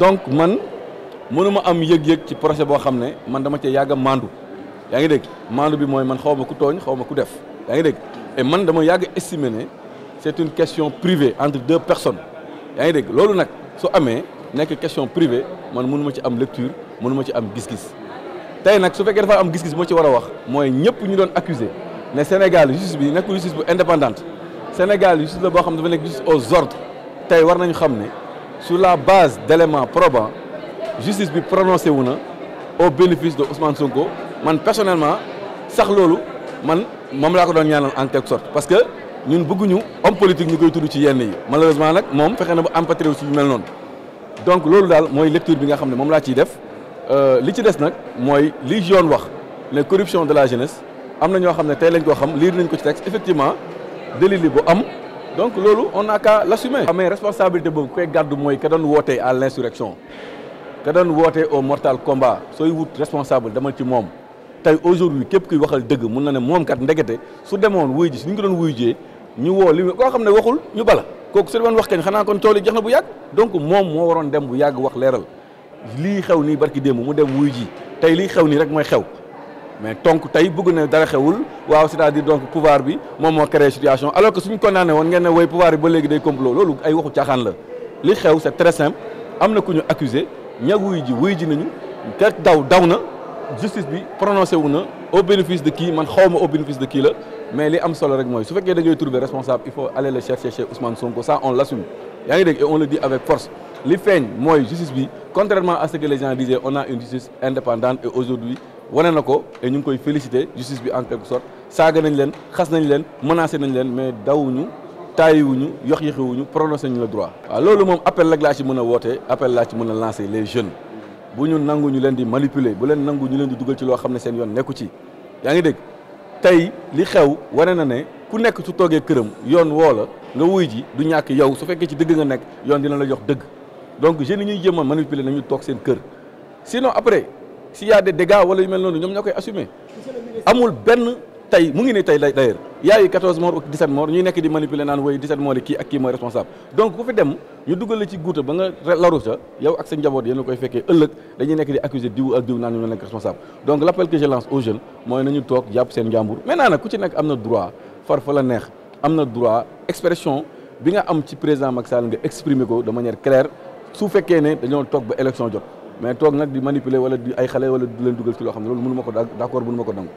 donc man mënuma am yëg-yëg ci projet boo xam ne man dama cee yàgg maandu yaa ngi dégg maandu bi mooy man xaw ma ku tooñ xaw ma ku def yaa ngi dégg et man dama yàgg estimé ne c'est une question privée entre deux personnes yaa ngi dégg loolu nag su amee nekk question privée man mënuma ci am lecture mënuma ci am gis-gis tey nag su fekkee dafa am gis-gis moo ci war a wax mooy ñëpp ñu doon accusé ne Sénégal justice bi nekkul justice bu indépendante Sénégal justice la boo xam dafa nekk justice aux ordres tey war nañu xam ne sur la base d'éléments probants justice bi prononcé wu na au bénéfice de Ousmane Sonko man personnellement sax loolu man moom laa ko doon ñaanal en quelque sorte parce que ñun bëgguñu homme politique ñu koy tudd ci yenn yi malheureusement nag moom fexe na ba empatré wu si lu mel noonu donc loolu daal mooy lecture bi nga xam ne moom laa ciy def euh, li ci des nag mooy li yoon wax ne corruption de la jeunesse am na ñoo xam ne tey lañ koo xam lire nañ ko ci texte effectivement délit bu am donc loolu on a qu'à l'assumer amee ah, responsabilité boobu koy gàddu mooy ka doon wootee à l'insurrection ka doon wootee au mortal combat sooy wut responsable demal ci moom tey aujourd'hui képp kuy waxal dëgg mun na ne moom kat ndegete su demoon wuy ji su ñu ko doon wuy jee ñu woo li koo xam ne waxul ñu bala kooku su doon wax kañ xanaa kon tool yi jeex na bu yàgg donc moom moo waroon dem bu yàgg wax leeral lii xew nii barki démb mu dem wuy ji tey lii xew nii rek mooy xew mais donc tey bëgg na dara xewul waaw c'est-à-dire donc pouvoir bi moom moo créé situation alors que suñ condamné woon ngeen ne way pouvoir bi ba léegi day complot loolu ay waxu caaxaan la li xew c'est très simple am na ku ñu accusé ña wuy ji wuy ji nañu te daw daw na justice bi prononcé wu na au de kii man xaw ma au bénéfice de kii la mais li am solo rek mooy su fekkee da ngay trouver responsable il faut aller le chercher chez Ousmane Sonko ça on l'assume yaa ngi dégg wane na ko et ñu ngi koy félicité justice bi en sot sorte saaga nañ leen xas nañ leen menacé nañ leen mais dawuñu taayiwuñu yox yoxiwuñu prononcé ñu le droit. waaw loolu moom appel rek laa ci mën a woote appel laa ci mën a lancé les jeunes bu ñu nangu ñu leen di manipuler bu leen nangu ñu leen di dugal ci loo xam ne seen yoon nekku ci yaa ngi dégg tey li xew wane na ne ku nekk su toogee këram yoon woo la nga wuy ji du ñàkk yow su fekkee ci dëgg nga nekk yoon dina la jox dëgg donc jeunes yi ñuy jéem a manipuler nañu toog seen kër sinon après. si y a des dégâts wala yu mel noonu ñoom ñoo koy assumer amul benn tey mu ngi ne tey lay y a eu 14 morts ak 17 ñuy nekk di manipuler naan woy 17 morts yi kii ak kii mooy responsable donc ku fi dem ñu dugal la ci guuta ba nga laru sa yow ak sa njaboot yéen koy fekkee ëllëg dañuy nekk di accuser diw ak diw naan ñu nekk responsable donc l'appel que je lance aux mooy nañu toog jàpp seen njàmbur maintenant nag ku ci nekk am na la neex am na droit expression bi nga am ci président Macky Sall nga ko de manière claire su fekkee ne dañoo toog ba élection jot mais toog nag di manipuler wala di ay xale wala di leen dugal ci loo xam ne loolu mënu ma ko d'accord mënu ma ko nangu